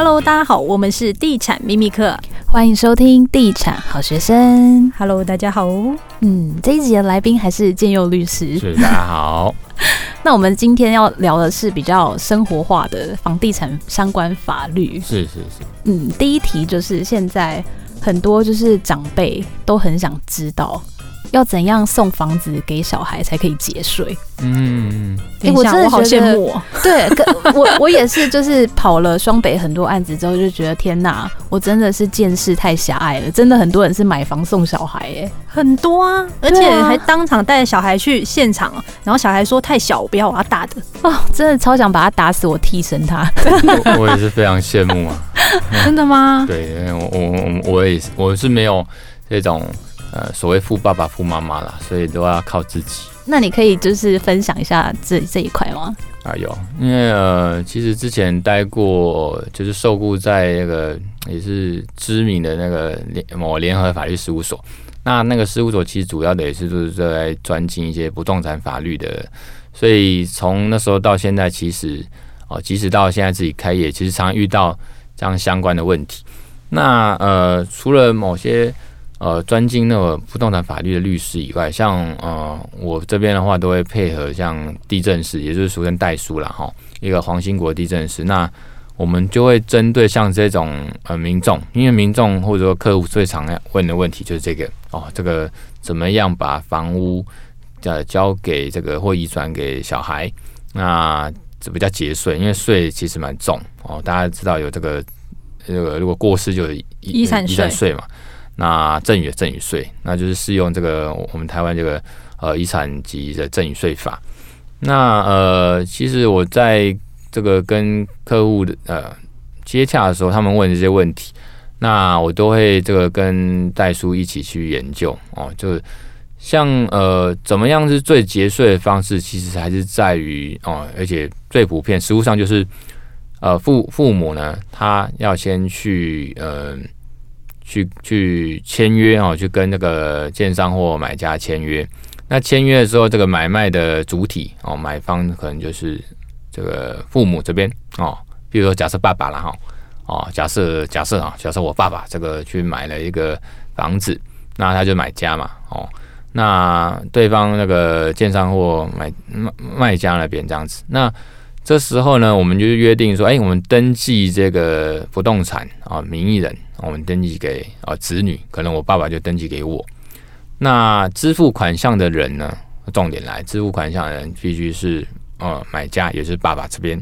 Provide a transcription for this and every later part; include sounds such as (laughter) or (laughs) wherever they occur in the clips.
Hello，大家好，我們是地產秘密客，歡迎收聽地產好學生。Hello，大家好。嗯，這一集的來賓還是建佑律師。是，大家好。 (laughs) 那我們今天要聊的是比較生活化的房地產相關法律。是是是。嗯，第一題就是現在很多就是長輩都很想知道。要怎樣送房子給小孩才可以節稅？嗯、欸，我真的我好羨慕。對，可 (laughs) 我我也是，就是跑了雙北很多案子之後，就覺得天哪，我真的是見識太狹隘了。真的很多人是買房送小孩，欸，哎，很多啊，而且還當場帶着小孩去現場，啊，然後小孩說太小，我不要，我要大的哦，oh，真的超想把他打死，我替身他我。我也是非常羨慕啊。 (laughs) (laughs) 真的嗎？對，我我我也是，我是沒有這種。呃，所謂富爸爸、富媽媽啦，所以都要靠自己。那你可以就是分享一下這這一塊嗎？啊，有，因為呃，其實之前待過，就是受雇在那個也是知名的那個某聯合法律事務所。那那個事務所其實主要的也是就是在專精一些不動產法律的。所以從那時候到現在，其實哦、呃，即使到現在自己開業，其實常常遇到這樣相關的問題。那呃，除了某些。呃，專精那個不動產法律的律師以外，像呃我這邊的話，都會配合像地政士，也就是俗稱代書了哈。一個黃興國地政士，那我們就會針對像這種呃民眾，因為民眾或者說客戶最常問的問題就是這個哦，這個怎麼樣把房屋呃交給這個或移轉給小孩，那怎麼叫節稅？因為稅其實蠻重哦，大家知道有這個這個如果過世就遺產稅嘛。那贈與贈與稅，那就是適用這個我們台灣這個呃遺產及的贈與稅法。那呃，其實我在這個跟客戶的呃接洽的時候，他們問這些問題，那我都會這個跟代書一起去研究哦、呃。就是像呃，怎麼樣是最節稅的方式？其實還是在於哦、呃，而且最普遍，實務上就是呃父父母呢，他要先去嗯。呃去去簽約哦，去跟那個建商或買家簽約。那簽約的時候，這個買賣的主體哦，買方可能就是這個父母這邊哦。比如說，假設爸爸了哈，哦，假設假設啊，假設我爸爸這個去買了一個房子，那他就買家嘛哦。那對方那個建商或買賣賣家那邊這樣子。那這時候呢，我們就約定說，哎，我們登記這個不動產啊，名義人。我們登記給啊子女，可能我爸爸就登記給我。那支付款項的人呢？重點來，支付款項的人必須是啊、呃、買家，也是爸爸這邊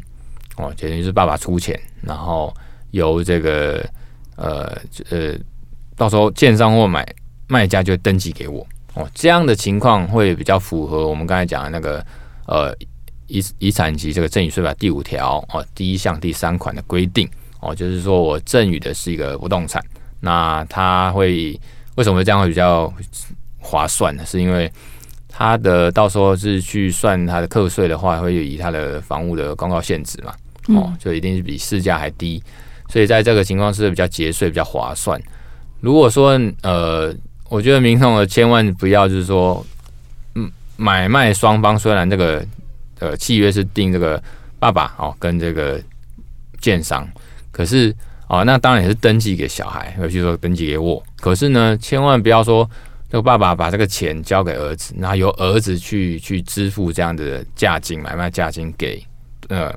哦，等於，是爸爸出錢，然後由這個呃呃，到時候建商或買賣家就登記給我哦、呃。這樣的情況會比較符合我們剛才講的那個呃遺遺產及這個贈與稅法第五條哦、呃、第一項第三款的規定。哦，就是說我贈與的是一個不動產，那他會為什麼會這樣會比較划算呢？是因為他的到時候是去算他的課稅的話，會以他的房屋的公告現值嘛？哦，就一定是比市價還低，嗯，所以在這個情況是比較節稅，比較划算。如果說呃，我覺得民眾的千萬不要就是說，嗯，買賣雙方雖然這個呃契約是訂這個爸爸哦跟這個建商。可是啊、哦，那當然也是登記給小孩，或者說登記給我。可是呢，千萬不要說這個爸爸把這個錢交給兒子，然後由兒子去去支付這樣的價金、買賣價金給呃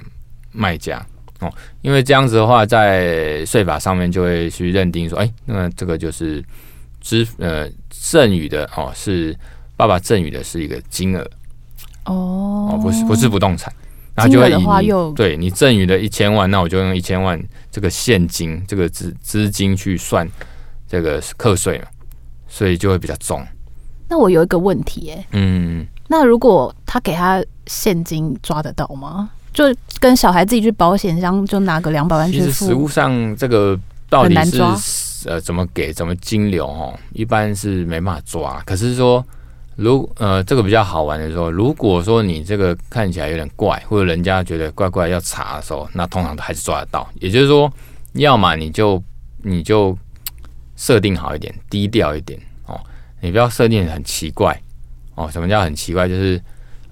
賣家哦，因為這樣子的話，在稅法上面就會去認定說，哎、欸，那麼這個就是支呃贈與的哦，是爸爸贈與的是一個金額哦，哦，不是不是不動產，那就會以你金額的話又對你贈予的一千萬，那我就用一千萬。這個現金，這個資資金去算這個課稅嘛，所以就會比較重。那我有一個問題、欸，哎，嗯，那如果他給他現金抓得到嗎？就跟小孩自己去保險箱就拿個兩百萬去付，其實實務上這個到底是難抓，呃，怎麼給，怎麼金流哦，一般是沒辦法抓，可是說。如呃，這個比較好玩的時候，如果說你這個看起來有點怪，或者人家覺得怪怪要查的時候，那通常都還是抓得到。也就是說，要麼你就你就設定好一點，低調一點哦，你不要設定很奇怪哦。什麼叫很奇怪？就是。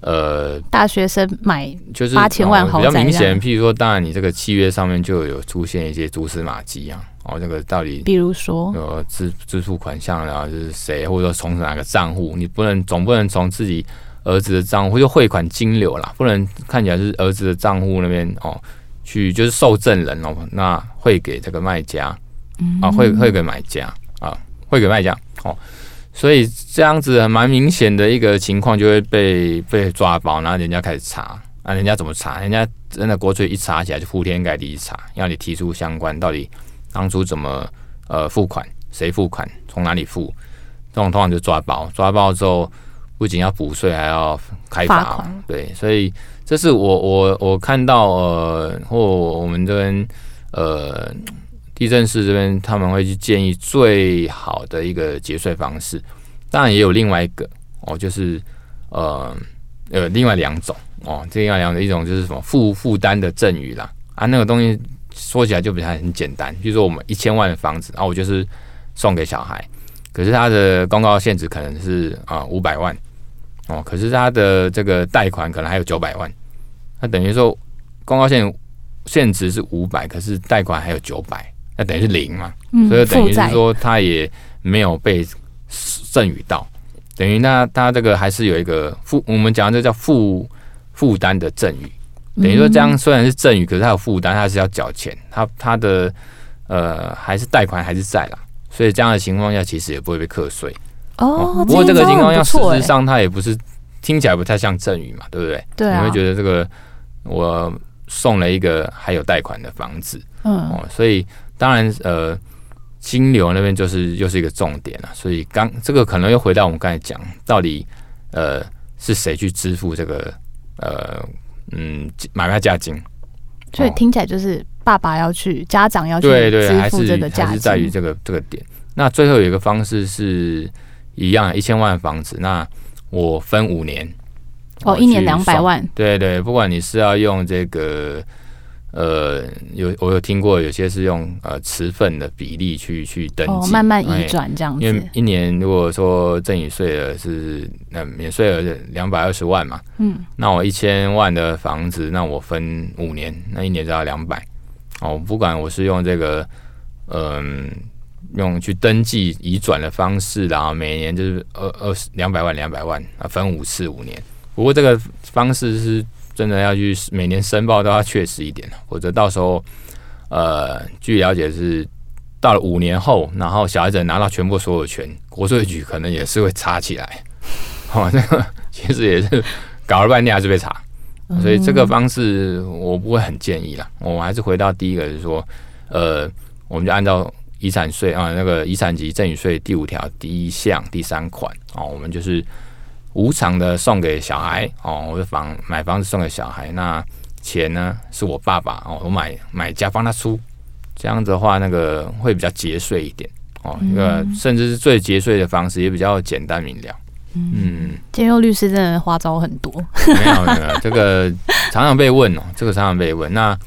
呃，大學生買就是八千萬，比較明顯。譬如說，當然你這個契約上面就有出現一些蛛絲馬跡啊。哦，這個到底，比如說，呃，支支付款項然後就是誰，或者說從哪個賬戶？你不能總不能從自己兒子的賬戶就匯款金流啦，不能看起來是兒子的賬戶那邊哦，去就是受贈人哦，那匯給這個賣家，嗯、啊，匯匯給買家啊，匯給賣家哦。所以這樣子蠻明顯的一個情況，就會被被抓包，然後人家開始查那、啊、人家怎麼查？人家真的國稅一查起來就鋪天蓋地一查，要你提出相關到底當初怎麼呃付款，誰付款，從哪裡付，這種通常就抓包，抓包之後不僅要補稅，還要開罰。對，所以這是我我我看到呃，或我們這邊呃。地政士這邊他們會去建議最好的一個節稅方式，當然也有另外一個哦，就是呃呃另外兩種哦，這另外兩種一種就是什麼負負擔的贈與啦啊，那個東西說起來就比較很簡單，就是說我們一千萬的房子啊，我就是送給小孩，可是他的公告現值可能是啊五百萬哦，可是他的這個貸款可能還有九百萬，那、啊、等於說公告現、現值是五百，可是貸款還有九百。那等於是零嘛，嗯、所以等於是說他也沒有被贈與到，嗯、等於那他，他這個還是有一個負，我們講這叫負負擔的贈與，等於說這樣雖然是贈與、嗯，可是他有負擔，他還是要繳錢，他他的呃還是貸款還是在啦，所以這樣的情況下其實也不會被課稅哦，哦。不過這個情況下事實上他、欸、也不是聽起來不太像贈與嘛，對不對，對、啊？你會覺得這個我送了一個還有貸款的房子，嗯、哦，所以。當然，呃，金流那邊就是又，就是一個重點了啊，所以剛這個可能又回到我們剛才講，到底呃是誰去支付這個呃嗯買賣價金？所以聽起來就是爸爸要去，哦、家長要去支付這個價金。對對對，還是，還是在於這個這個點。那最後有一個方式是一樣，一千萬房子，那我分五年，哦，一年兩百萬，對，對對，不管你是要用這個。呃，有我有聽過，有些是用呃持份的比例去去登記，哦、慢慢移轉這樣子，嗯。因為一年如果說贈與稅額是那、呃、免稅額兩百二十萬嘛，嗯，那我一千萬的房子，那我分五年，那一年就要兩百。哦，不管我是用這個，嗯、呃，用去登記移轉的方式啦，然後每年就是二二十兩百萬兩百萬啊，分五次五年。不過這個方式是。真的要去每年申報都要確實一點了，否則到時候，呃，據了解是到了五年後，然後小孩子拿到全部所有權，國稅局可能也是會查起來。 (laughs) 哦，這個其實也是搞了半天還是被查，所以這個方式我不會很建議啦。嗯、我們還是回到第一個，就是說，呃，我們就按照遺產稅啊、呃，那個遺產及贈與稅第五條第一項第三款啊、哦，我們就是。無償的送給小孩哦，我的房買房子送給小孩，那錢呢是我爸爸哦，我買買家幫他出，這樣子的話，那個會比較節稅一點哦。一、嗯、個甚至是最節稅的方式也比較簡單明了。嗯、建、嗯、佑律師真的花招很多。沒有沒有，這個常常被問哦， (laughs) 這個常常被問。那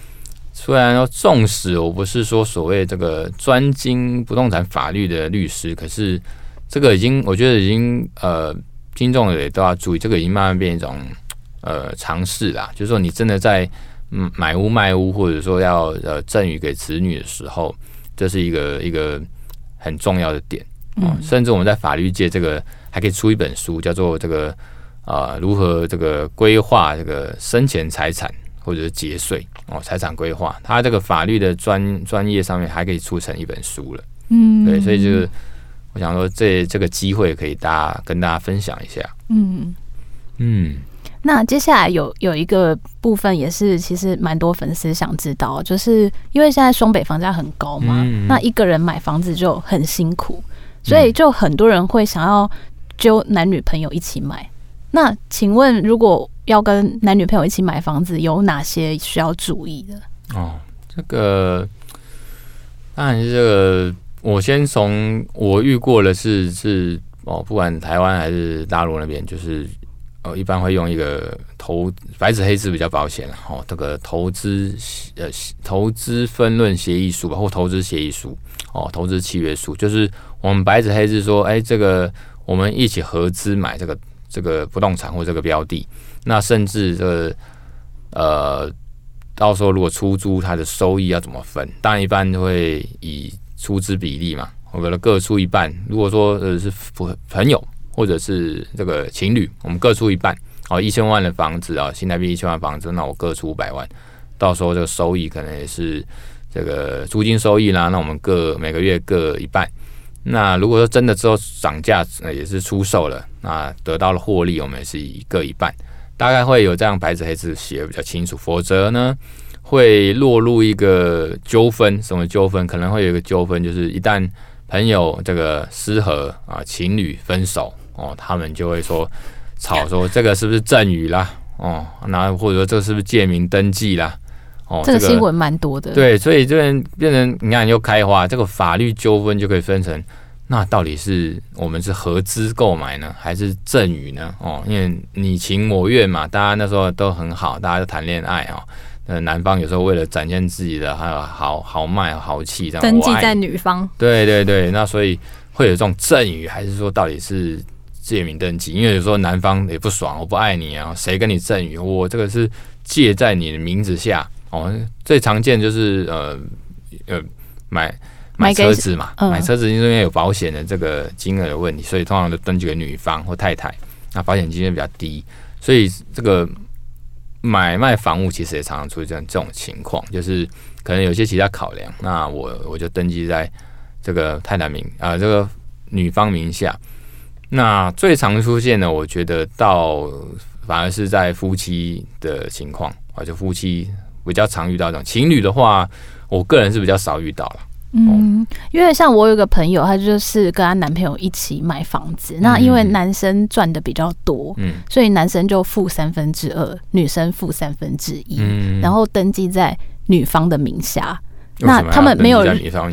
雖然說，縱使我不是說所謂這個專精不動產法律的律師，可是這個已經我覺得已經呃。聽眾也都要注意，這個已經慢慢變一種呃嘗試啦。就是說，你真的在買屋賣屋，或者說要呃贈予給子女的時候，這是一個一個很重要的點。哦，嗯，甚至我們在法律界，這個還可以出一本書，叫做這個呃如何這個規劃這個生前財產或者是節稅哦，財產規劃。它這個法律的專專業上面還可以出成一本書了。嗯，對，所以就是。我想說，這這個機會可以大家跟大家分享一下。嗯嗯，那接下來有有一個部分也是其實蠻多粉絲想知道，就是因為現在雙北房價很高嘛，嗯嗯嗯，那一個人買房子就很辛苦，所以就很多人會想要揪男女朋友一起買。嗯、那請問，如果要跟男女朋友一起買房子，有哪些需要注意的？哦，這個當然是這個。我先從我遇過的是是哦，不管台灣還是大陸那邊，就是呃、哦、一般會用一個投白紙黑字比較保險了哦，這個投資呃投資分潤協議書吧，或投資協議書哦，投資契約書，就是我們白紙黑字說，哎、欸，這個我們一起合資買這個這個不動產或這個標的，那甚至這個呃，到時候如果出租，它的收益要怎麼分？但一般會以出資比例嘛，我們各出一半。如果說呃是朋友或者是這個情侶，我們各出一半。哦，一千萬的房子啊，新台幣一千萬的房子，那我各出五百萬。到時候這個收益可能也是這個租金收益啦。那我們各每個月各一半。那如果說真的之後漲價，那也是出售了，那得到了獲利，我們也是各一半。大概會有這樣白紙黑字寫的比較清楚，否則呢？會落入一個糾紛，什麼糾紛？可能會有一個糾紛，就是一旦朋友這個失和啊，情侶分手哦，他們就會說吵說這個是不是贈與啦？哦，那或者說這個、是不是借名登記啦？哦，這個、這個、新聞蠻多的。對，所以這邊變成你看又開花，這個法律糾紛就可以分成，那到底是我們是合資購買呢，還是贈與呢？哦，因為你情我願嘛，大家那時候都很好，大家都談戀愛哦。呃，男方有時候為了展現自己的還有豪豪邁豪氣，這樣登記在女方。對對對，那所以會有這種贈與，還是說到底是借名登記？因為有時候男方也不爽，我不愛你啊，誰跟你贈與？我這個是借在你的名字下哦。最常見就是呃呃，買買車子嘛，買、嗯、買車子因為有保險的這個金額的問題，所以通常都登記給女方或太太。那保險金額比較低，所以這個。買賣房屋其實也常常出現這種情況，就是可能有些其他考量，那我我就登記在這個太太名啊、呃，這個女方名下。那最常出現的，我覺得到反而是在夫妻的情況啊，就夫妻比較常遇到這種情侶的話，我個人是比較少遇到了。嗯，因為像我有個朋友，她就是跟她男朋友一起買房子。那因為男生賺的比較多，嗯，嗯，所以男生就付三分之二，女生付三分之一，嗯，嗯，然後登記在女方的名下。那他們沒有女方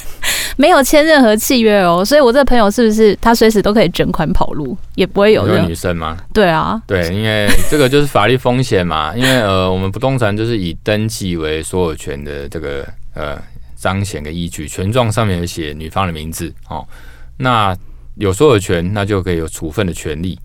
(laughs) 沒有簽任何契約哦，所以我這個朋友是不是他隨時都可以捲款跑路，也不會有，有女生嗎？對啊，對，因為這個就是法律風險嘛。 (laughs) 因為呃，我們不動產就是以登記為所有權的這個呃。彰顯個依據，權狀上面有寫女方的名字哦，那有所有權，那就可以有處分的權利，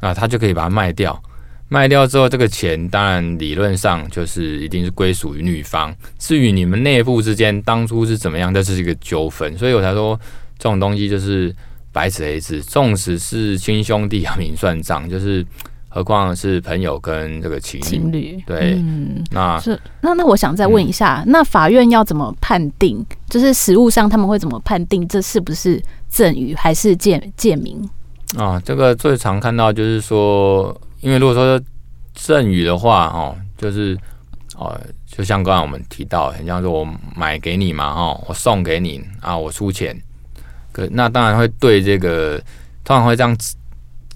那他就可以把它賣掉，賣掉之後，這個錢當然理論上就是一定是歸屬於女方。至於你們內部之間當初是怎麼樣，這是一個糾紛，所以我才說這種東西就是白紙黑字，縱使是親兄弟也啊，明算賬，就是。何況是朋友跟這個情侶情侶，對，嗯、那是那那我想再問一下、嗯，那法院要怎麼判定？就是實務上他們會怎麼判定這是不是贈與還是借借名啊？這個最常看到就是說，因為如果說贈與的話，哦，就是哦，就像剛才我們提到，很像說我買給你嘛，哈、哦，我送給你啊，我出錢，可那當然會對這個通常會這樣子。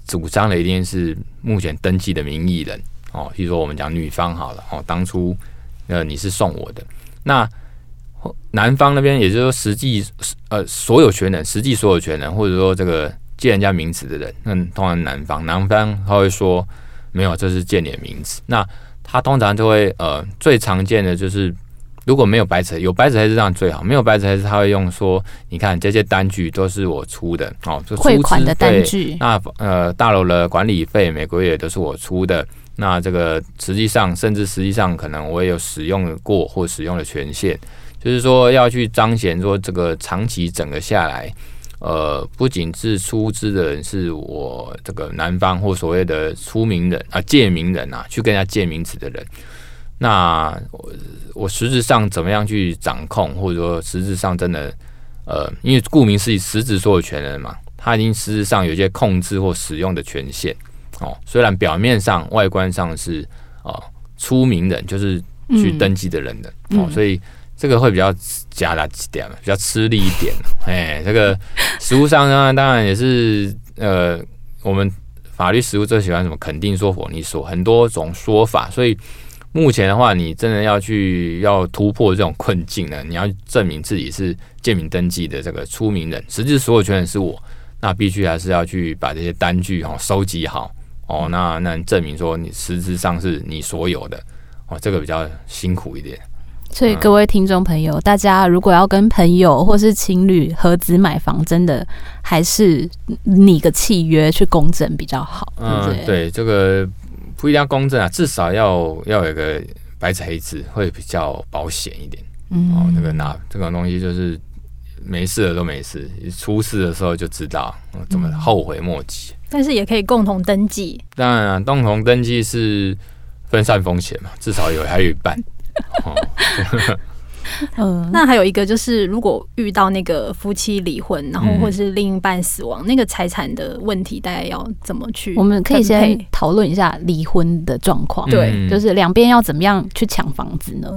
主張的一定是目前登記的名義人哦，譬如說我們講女方好了哦，當初呃你是送我的，那男方那邊也就是說實際呃所有權人，實際所有權人或者說這個借人家名字的人，那通常男方男方他會說沒有，這是借你的名字，那他通常就會呃最常見的就是。如果沒有白紙，有白紙還是這樣最好。沒有白紙，還是他會用說：“你看這些單據都是我出的，哦，就出資。匯款的單據。那呃，大樓的管理費每個月都是我出的。那這個實際上，甚至實際上可能我也有使用過或使用的權限，就是說要去彰顯說這個長期整個下來，呃，不僅是出資的人是我這個男方或所謂的出名人啊，借名人啊，去跟人家借名詞的人。”那我我實質上怎麼樣去掌控，或者說實質上真的，呃，因為顧名思義，實質所有權人嘛，他已經實質上有一些控制或使用的權限哦。雖然表面上、外觀上是哦，出名人，就是去登記的人的、嗯、哦，所以這個會比較加大幾點，比較吃力一點。哎、嗯，這個實務上呢， (laughs) 當然也是呃，我們法律實務最喜歡什麼？肯定說法，你說很多種說法，所以。目前的話，你真的要去要突破這種困境呢，你要證明自己是借名登記的這個出名人，實質所有權人是我，那必須還是要去把這些單據哦收集好哦，那那證明說你實質上是你所有的哦，這個比較辛苦一點。所以各位聽眾朋友、嗯，大家如果要跟朋友或是情侶合資買房，真的還是擬個契約去公證比較好。對對，嗯，對這個。不一定要公證啊，至少要要有一個白紙黑字，會比較保險一點。嗯，哦，那個拿這種東西就是沒事的都沒事，出事的時候就知道、哦、怎麼後悔莫及、嗯。但是也可以共同登記，當然啊、共同登記是分散風險嘛，至少有還有一半。 (laughs) 哦 (laughs) 嗯，那還有一個就是，如果遇到那個夫妻離婚，然後或是另一半死亡，嗯、那個財產的問題，大概要怎麼去？我們可以先討論一下離婚的狀況。對、嗯，就是兩邊要怎麼樣去搶房子呢？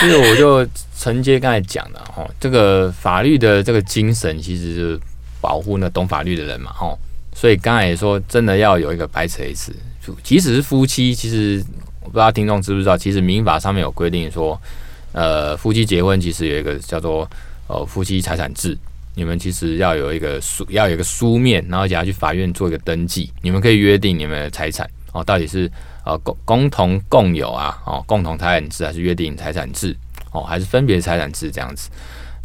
其、嗯、實、 (laughs) 哦、我就承接剛才講的，哈， (laughs) 這個法律的這個精神其實是保護那懂法律的人嘛，哈，所以剛才也說，真的要有一個白紙黑字，就即使是夫妻，其實。我不知道聽眾知不知道，其實民法上面有規定說，呃，夫妻結婚其實有一個叫做呃夫妻財產制，你們其實要有一個書要有一個書面，然後假如去法院做一個登記，你們可以約定你們的財產哦，到底是呃共共同共有啊哦，共同財產制還是約定財產制哦，還是分別財產制這樣子。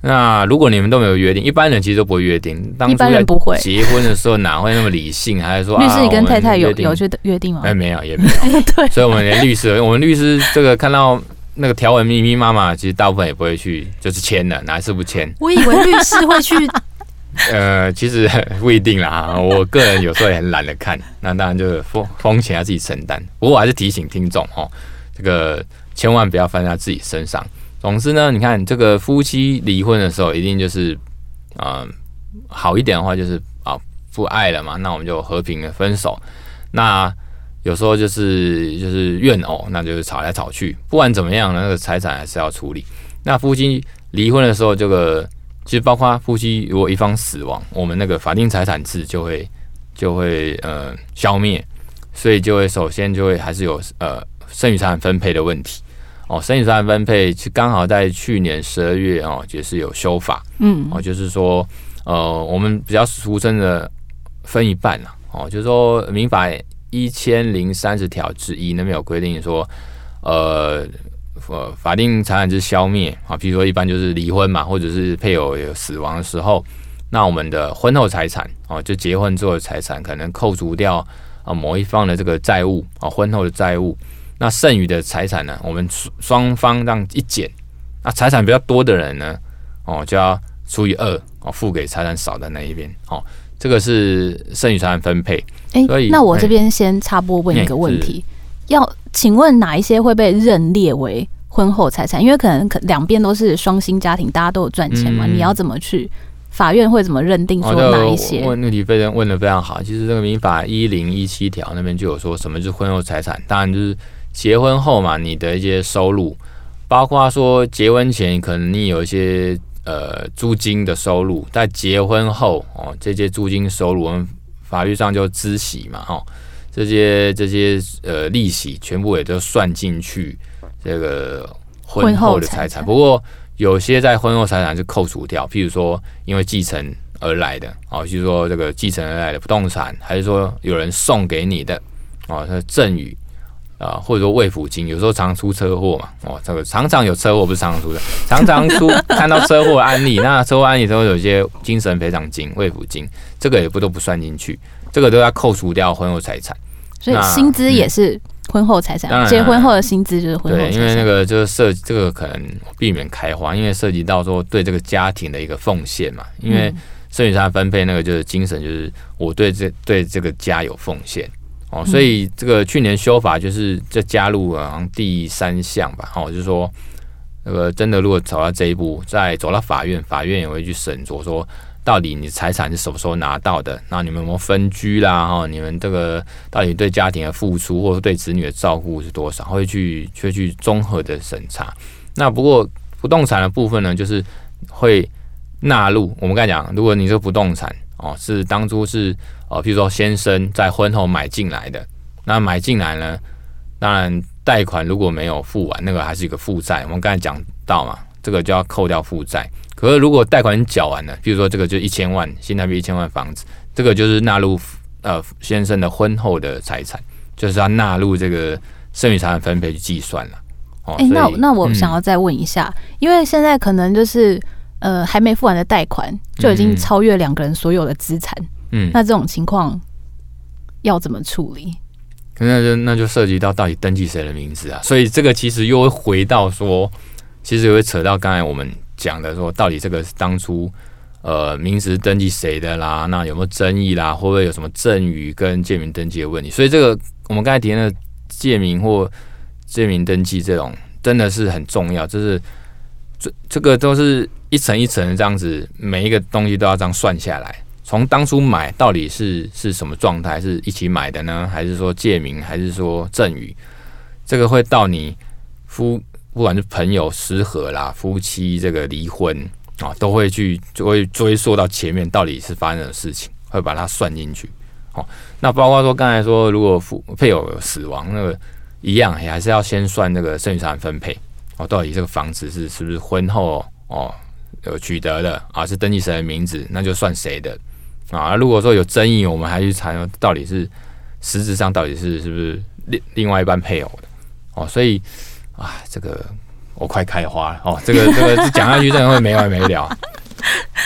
那如果你們都沒有約定，一般人其實都不會約定。一般人不會結婚的時候哪會那麼理性？ (laughs) 還是說、啊、律師你跟太太有有這個約定嗎？哎，沒有也沒有。沒有 (laughs) 對，所以我們連律師， (laughs) 我們律師這個看到那個條文密密麻麻，其實大部分也不會去就是簽的，哪一次不簽？我以為律師會去 (laughs) 。呃，其實不一定啦。我個人有時候也很懶得看，那當然就是風風險要自己承擔。不過我還是提醒聽眾哦，這個千萬不要放在自己身上。總之呢，你看這個夫妻離婚的時候，一定就是，嗯、呃，好一點的話就是啊，不愛了嘛，那我們就和平的分手。那有時候就是就是怨偶，那就是吵來吵去。不管怎麼樣呢，那個財產還是要處理。那夫妻離婚的時候，這個其實包括夫妻如果一方死亡，我們那個法定財產制就會就會呃消滅，所以就會首先就會還是有呃剩餘財產分配的問題。哦，剩餘財產分配是剛好在去年十二月哦，也，就是有修法，嗯，哦，就是說，呃，我們比較俗稱的分一半了、啊。哦，就是說民法一千零三十條之一那邊有規定說呃，呃，法定財產制消滅啊，比如說一般就是離婚嘛，或者是配偶有有死亡的時候，那我們的婚後財產哦、啊，就結婚之後的財產可能扣除掉啊某一方的這個債務啊，婚後的債務。那剩餘的財產呢？我們雙方讓一減，那財產比較多的人呢，哦，就要除以二哦，付給財產少的那一邊哦。這個是剩餘財產分配。哎，以、欸、那我這邊先插播問一個問題：欸、要請問哪一些會被認列為婚後財產？因為可能可兩邊都是雙薪家庭，大家都有賺錢嘛、嗯。你要怎麼去法院會怎麼認定？說哪一些？哦、我問問題非常問得非常好。其實這個民法一零一七條那邊就有說什麼是婚後財產，當然就是。結婚後嘛，你的一些收入，包括說結婚前可能你有一些呃租金的收入，在結婚後哦，這些租金收入，我們法律上就孳息嘛，哈、哦，這些這些呃利息全部也就算進去這個婚後的財產，財產。不過有些在婚後財產是扣除掉，譬如說因為繼承而來的，哦，就是說這個繼承而來的不動產，還是說有人送給你的，哦，他贈與。啊、呃，或者說慰撫金。有時候常出車禍嘛，哦，這個常常有車禍，不是常常出的，常常出看到車禍案例， (laughs) 那車禍案例都有一些精神賠償金、慰撫金，這個也不都不算進去，這個都要扣除掉婚後財產，所以薪資也是婚後財產，結、嗯啊、婚後的薪資就是婚後財產、啊。對，因為那個就是涉及這個可能避免開花，因為涉及到說對這個家庭的一個奉獻嘛，因為剩餘差分配那個就是精神，就是我對這對這個家有奉獻。哦，所以這個去年修法就是這加入了好像第三項吧。哦，就是說，那個真的如果走到這一步，再走到法院，法院也會去審查說，到底你財產是什麼時候拿到的，那你們有沒有分居啦？哦，你們這個到底對家庭的付出或者對子女的照顧是多少，會去去去綜合的審查。那不過不動產的部分呢，就是會納入。我們剛才講，如果你這個不動產哦是當初是。哦，譬如說先生在婚後買進來的，那買進來呢，當然貸款如果沒有付完，那個還是一個負債。我們剛才講到嘛，這個就要扣掉負債。可是如果貸款繳完了，譬如說這個就一千萬，新台幣一千萬房子，這個就是納入呃先生的婚後的財產，就是要納入這個剩餘財產分配去計算了。哦，欸、那我那我想要再問一下，嗯、因為現在可能就是呃還沒付完的貸款就已經超越兩個人所有的資產。嗯，那這種情況要怎麼處理？那就那就涉及到到底登記誰的名字啊？所以這個其實又會回到說，其實也會扯到剛才我們講的說，到底這個是當初呃，名字登記誰的啦？那有沒有爭議啦？會不會有什麼贈與跟借名登記的問題？所以這個我們剛才提的借名或借名登記這種，真的是很重要，就是這這個都是一層一層這樣子，每一個東西都要這樣算下來。從當初買到底是是什麼狀態？是一起買的呢，還是說借名，還是說贈與？這個會到你夫，不管是朋友失和啦，夫妻這個離婚啊，哦，都會去就會追溯到前面到底是發生的事情，會把它算進去。好，哦，那包括說剛才說如果夫配偶有死亡那個一樣，也還是要先算那個剩餘財產分配。哦，到底這個房子是是不是婚後哦有取得的，啊，是登記誰的名字，那就算誰的。啊，如果說有爭議，我們還去查，到底是實質上到底是是不是另另外一半配偶的哦，所以啊，這個我快開花了哦，這個這個講下去真的會沒完沒了。 (laughs)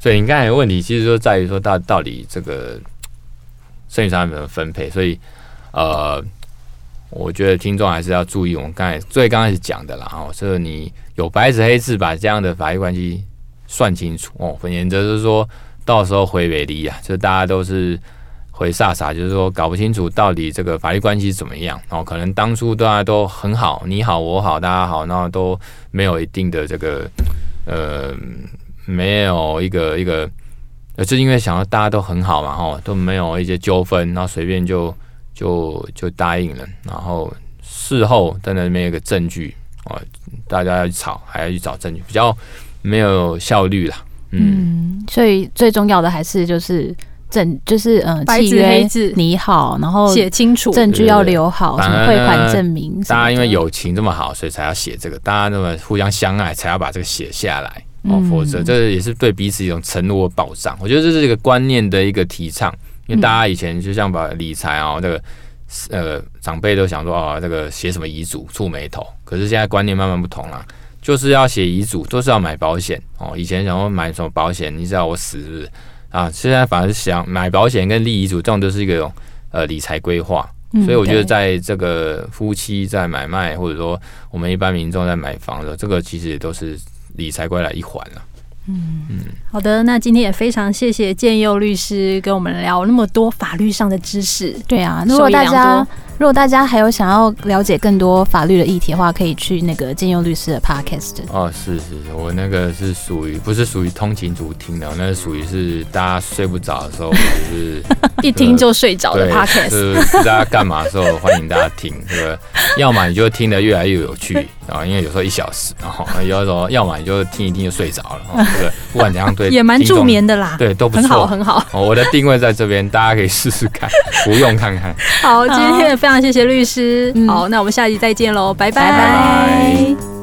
所以你剛才的問題其實就在於說到到底這個剩餘財產有沒有分配，所以呃，我覺得聽眾還是要注意我們剛才最剛開始講的啦哦，就是你有白紙黑字把這樣的法律關係算清楚哦，原則是說。到時候回北黎啊，就大家都是回薩薩，就是說搞不清楚到底這個法律關係怎麼樣。然後，哦，可能當初大家都很好，你好我好大家好，然後都沒有一定的這個呃，沒有一個一個，呃，是因為想要大家都很好嘛，然後，哦，都沒有一些糾紛，然後隨便就就就答應了。然後事後真的沒有一個證據啊，哦，大家要去吵，還要去找證據，比較沒有效率了。嗯，所以最重要的還是就是，證，就是嗯、呃，白紙黑字你好，然後寫清楚，證據要留好，什麼匯款證明。大家因為友情這麼好，所以才要寫這個。大家那麼互相相愛，才要把這個寫下來。哦，嗯、否則這也是對彼此一種承諾和保障。我覺得這是一個觀念的一個提倡。因為大家以前就像把理財啊、哦，那、這個、嗯、呃長輩都想說啊、哦，這個寫什麼遺囑，觸霉頭。可是現在觀念慢慢不同了、啊。就是要寫遺囑，都是要買保險哦。以前想要買什麼保險，你知道我死是不是啊？現在反而想買保險跟立遺囑，這種都是一個呃理財規劃。所以我覺得在這個夫妻在買賣，或者說我們一般民眾在買房的，這個其實也都是理財規劃一環了啊。嗯嗯，好的，那今天也非常謝謝建佑律師跟我們聊那麼多法律上的知識。對啊，如果大家。如果大家還有想要了解更多法律的議題的話，可以去那個建佑律師的 podcast 的哦，是是是，我那個是屬於不是屬於通勤族聽的，那是屬於是大家睡不着的,、就是、 (laughs) 的,的時候，是一聽就睡着的 podcast，是大家幹嘛時候歡迎大家聽，對不對？ (laughs) 要麼你就聽得越來越有趣啊，因為有時候一小時，然後有時候要麼你就聽一聽就睡着了，對。不管怎樣對 (laughs) 也蠻助眠的啦，對，都不錯，很好。我的定位在這邊，大家可以試試看，不用看看。好，今天的分。非常謝謝律師，嗯，好，那我們下集再見嘍，拜拜。拜拜，拜拜。